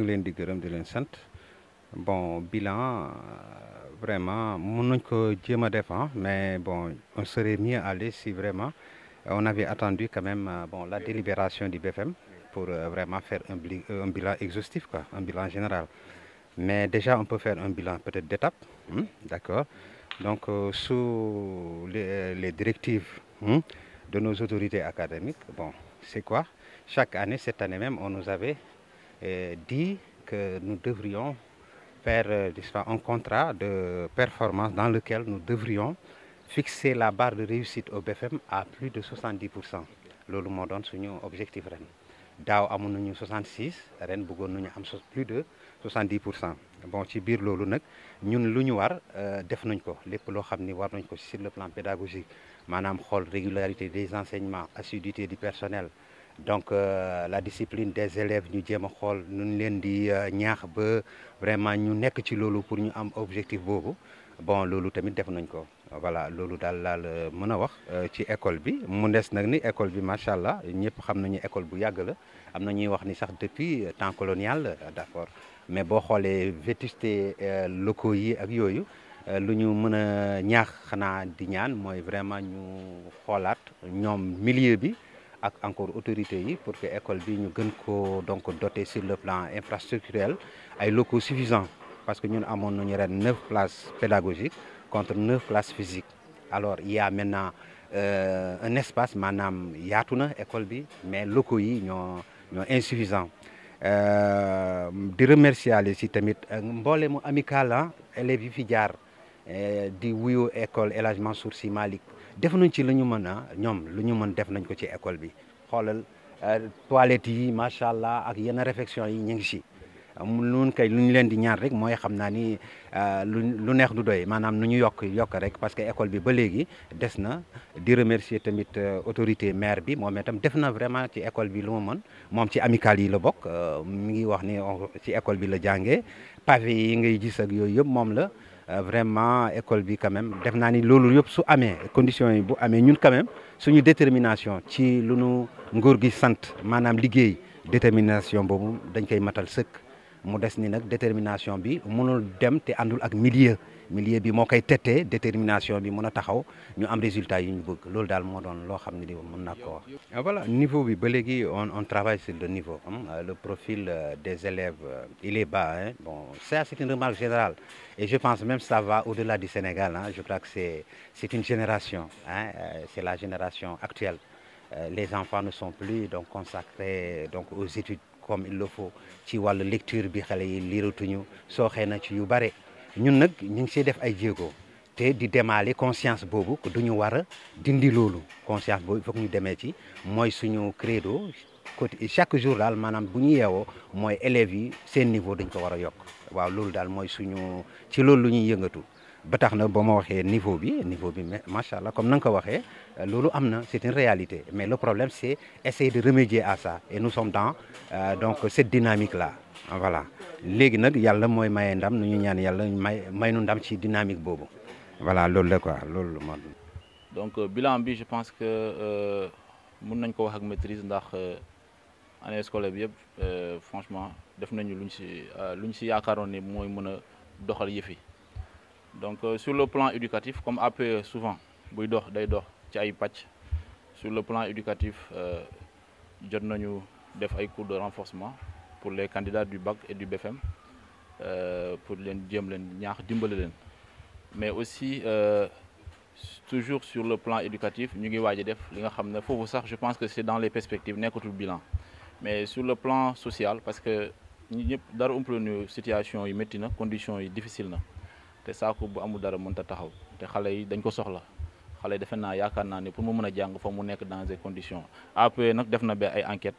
maa de l'enceinte bon bilan euh, vraiment mon que Dieu Dieu me mais bon on serait mieux aller si vraiment on avait attendu quand même euh, bon la délibération du BFM pour euh, vraiment faire un, bilan exhaustif quoi un bilan général mais déjà on peut faire un bilan peut-être d'étape hein, d'accord donc sous les, directives hein, de nos autorités académiques bon c'est quoi chaque année cette année même on nous avait dit que nous devrions faire euh, un contrat de performance dans lequel nous devrions fixer la barre de réussite au BFM à plus de 70%. Lolo moo c'est suñu objectif ren daaw amoon 66 ren bëggoon a plus de 70 bon ci Bir loolu nous ñun lu ñu war euh, def nañ ko sur le plan pédagogique madame xool régularité des enseignements assiduité du personnel donc euh, la discipline des élèves ñu jéem xol xool ñu leen di euh, ñaax ba vraiment ñu nekk ci lolu pour ñu am objectif bobu bon lolu tamit def nañ ko. voilà lolu dal la mëna wax euh, ci école bi mu des nak ni école bi machallah ñepp xam nañu école bu yàgg la am na ñuy wax ni sax depuis temps colonial d'accord mais bo xolé vétusté locaux yi ak yoyu lu ñu mëna ñaax xana di ñaan moy vraiment ñu xoolaat ñom milieu bi ak encore autorité pour que l'école bi ñu gën donc sur le plan infrastructurel ay locaux suffisants parce que ñun avons 9 places pédagogiques contre 9 places physiques alors il y a maintenant euh, un espace manam yatuna école bi mais locaux yi ñoo ñoo insuffisants euh, di remercier ici tamit euh, les mu amical ah élèves yi fi jaar di wuyo école El Hadj def nañ ci lu ñu mën a ñoom lu ñu mën def nañ ko ci école bi xoolal euh, toilettes yi macha allah ak yenn réflexion yi ñu ngi ci si noonu kay lu ñu leen di ñaar rek mooy xam naa ni euh, lu neex du doy maanaam lu ñu yokk yokk rek parce que école bi ba léegi des na di remercier tamit euh, autorité maire bi moom itam def na vraiment ci école bi lu mu mën moom ci amicale yi la bokk mi ngi wax ni ci école bi la jàngee pavé yi ngay gis ak yooyu yëpp moom la. Euh, vraiment école bi quand même def naa ni lolou yop su amé conditions yi bu amé ñun quand même suñu détermination ci lu nu nguur gi sant liggéey détermination bobu dañ koy matal sëkk mu dess ni nak détermination bi mënul dem té andul ak milieu milieu bi moo koy détermination bi mëna a taxaw ñu am résultat yi ñu bëgg lool dal doon ah, voilà niveau bi on travaille sur le niveau hein. euh, le profil euh, des élèves euh, il est bas hein. bon ça c'est une remarque générale et je pense même ça va au-delà du Sénégal hein. je crois que c'est c'est une génération c'est la génération actuelle les enfants ne sont plus donc consacrés donc aux études comme il le faut ci wal lecture bi xalé yi liiratuñu sooxee ci yu bare ñun nak ñu ngi siy def ay jéego té di démalé conscience bobu du duñu wara a dindi lolu conscience boobu il faut que ñu démé ci moy suñu credo côté chaque jour dal manam buñu yéwo moy élève yi sen niveau dañ ko wara yok waaw lolu dal moy suñu ci lolu lu ñuy yëngatu ba tax na ba niveau bi niveau bi machallah comme na nga ko waxee loolu c'est une réalité mais le problème c'est essayer de remédier à ça et nous sommes dans euh, donc cette dynamique là voilà voilà la quoi donc euh, bilan je pense que euh, nañ ko wax maîtrise ndax euh, année scolaire franchement def nañu luñ luñ ni donc sur le plan éducatif comme peu souvent buy dox day dox sur le plan éducatif jot nañu def cours de renforcement pour les candidats du bac et du BFM euh, pour les mais aussi euh, toujours sur le plan éducatif je pense que c'est dans les perspectives le bilan mais sur le plan social parce que ñi situation une conditions difficile na ça que pour dans ces conditions après nous avons fait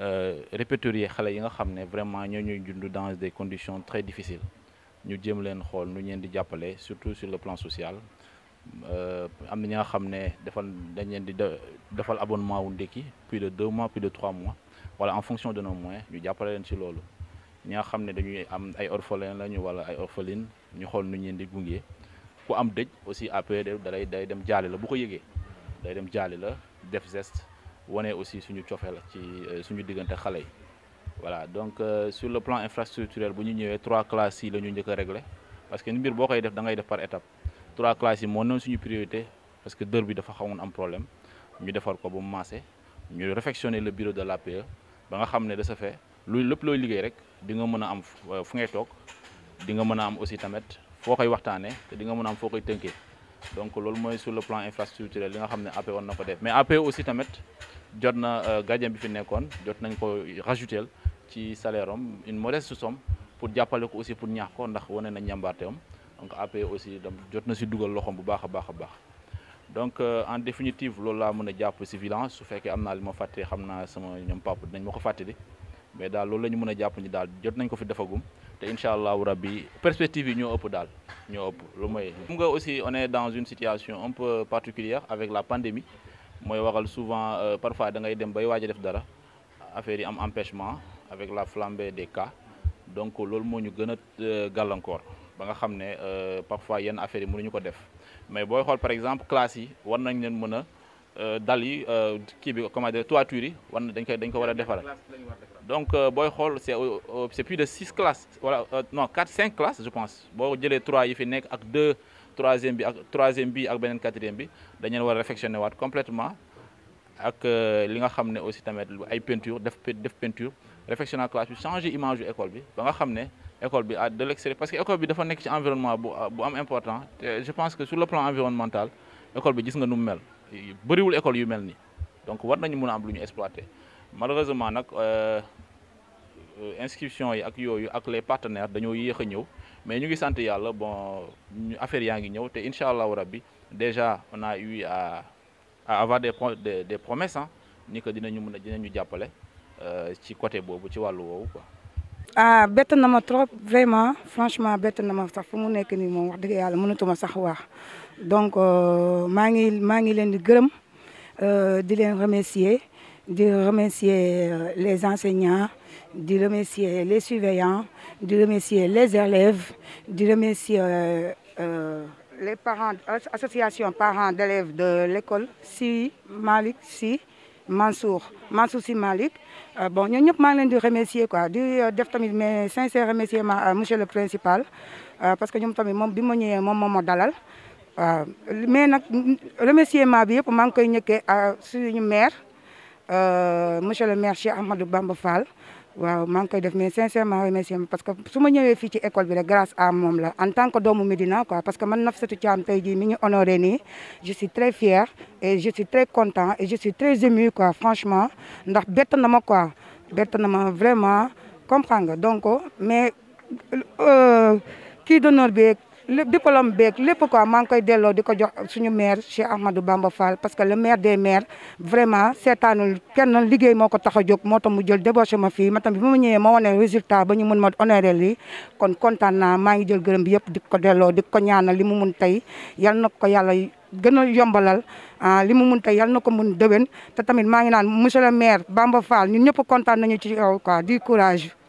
euh, répertorier xalé yi nga xamné vraiment ñoo ñuy jundu dans des conditions très difficiles ñu jëm leen xol nu ñeen di jappalé surtout sur le plan social euh, am na nga xamné defal dañ leen di defal abonnement wu ndékki plus de 2 mois plus de 3 mois voilà en fonction de nos moyens ñu jappalé leen ci lolu ñi nga xamné dañuy am ay orphelin lañu wala ay orpheline ñu xol nu ñeen di gungé ku am dëj aussi après dalay day dem jaale la bu ko yëgee day dem jaale la def geste wane aussi suñu cofeel ci euh, suñu digënté xalé yi voilà donc euh, sur le plan infrastructurel bu ñu ñëwee trois classes yi lañu ñu régler parce que mbir bir bokay def da ngay def par étape trois classes yi mo non suñu priorité parce que dër bi dafa xamone am problème ñu défar ko bu mu ñu réfectionner le bureau de l'APE ba nga xamné de ce fait luy lepp loy liggéey rek di nga mëna am euh, fu ngay tok di nga mëna am aussi tamet fo koy waxtané te di nga mëna am fo koy tënkee donc loolu sur le plan infrastructurel li nga xam ne AP e war na pas def mais AP e aussi tamit jot na euh, gardien bi fi nekkoon jot ko rajouter ci salaire une modeste somme pour jàppale ko aussi pour ñaax ko ndax wane na njàmbaarte am donc AP e aussi dam jot na si dugal loxoom bu baax a baax donc euh, en définitive lola mon mën a jàpp si violence su fekkee am naa li ma fàtte xam sama ñoom papa dinañ ma ko fàttali mais daal lola la ñu mën a ni daal jot nañ ko fi defagum te incha allahu rabbi perspective yi ñoo ëpp daal ñoo ëpp lu mooy. xam nga aussi on est dans une situation un peu particulière avec la pandémie mooy waral souvent euh, parfois da ngay dem bay waaj a def dara affaire yi am empêchement avec la flambée des cas donc loolu moo ñu gën a euh, gàllankoor ba nga xam ne euh, parfois yenn affaires yi mënuñu ko def mais booy xool par exemple classes yi war nañ leen mën euh, dali, qui euh, est bi comment dire toiture ko donc euh, boy plus de six classes voilà non 4-5 classes je pense bo trois yi bi bi ak complètement ak li nga aussi peinture def def peinture classe changer image école bi ba nga école bi de l'extérieur parce que école bi dafa ci environnement important je pense que sur le plan environnemental école bi gis nga nu bëriwul école yu melni donc war nañu mëna am luñu exploiter malheureusement nak euh, euh inscription yi ak yoyu ak les partenaires dañoo yéex ñew mais ñu ngi sant yalla bon ñu affaire yaangi ñew té inshallah rabbi déjà on a eu à à avoir des des promesses hein ni que dinañu mëna dinañu jappalé euh ci côté bobu ci walu wowo quoi ah bête na ma trop vraiment franchement bête na ma sax fu mu nekk nii moom wax deug yalla mënatuma sax wax donc euh, ma ngi ma ngi len di gërëm euh, di len remercier di remercier euh, les enseignants di remercier les surveillants di remercier les élèves di remercier les parents association parents d'élèves de l'école si Malik, si Mansour Mansour Sy Malick euh, bon ñoo ñëpp maa ngi leen di remercier quoi di euh, def tamit mes sincères remerciements à monsieur le principal euh, parce que ñoom tamit moom bi ma ñëwee moom dalal waaw mais nak, remerciement bi yëpp maa ngi koy ñëkkee à suñu maire euh, monsieur le maire Cheikh Ahmadou Bamba Fall waaw maa ngi koy def mais sincèrement remercier parce que su ma ñëwee fii ci école bi rek grâce à moom la en tant que doomu Medina quoi parce que man Nafissatou Thiam tey jii mi ñu honoré nii je suis très fier et je suis très content et je suis très ému quoi franchement ndax bett na ma quoi bett na ma vraiment comprendre nga donc mais euh, kii d'honneur bi lépp diplôme beeg lépp quoi maa ngi koy delloo di ko jox suñu maire Cheikh Ahmadou Bamba faal parce que le maire des maires vraiment seetaanul kenn liggéey moo ko tax a jóg moo tax mu jël débauché ma fii ma tam bi ñëwee ma wane résultat ba ñu mun ma honoré lii kon kontaan naa maa ngi jël gërëm bi yëpp di ko delloo di ko ñaanal li mu mun tey yal na ko yàlla gën a yombalal ah, li mu mun tey yal na ko mun déwén te tamit maa ngi naan monsieur le maire Bamba Fall ñun ñëpp kontaan nañu ci yow quoi di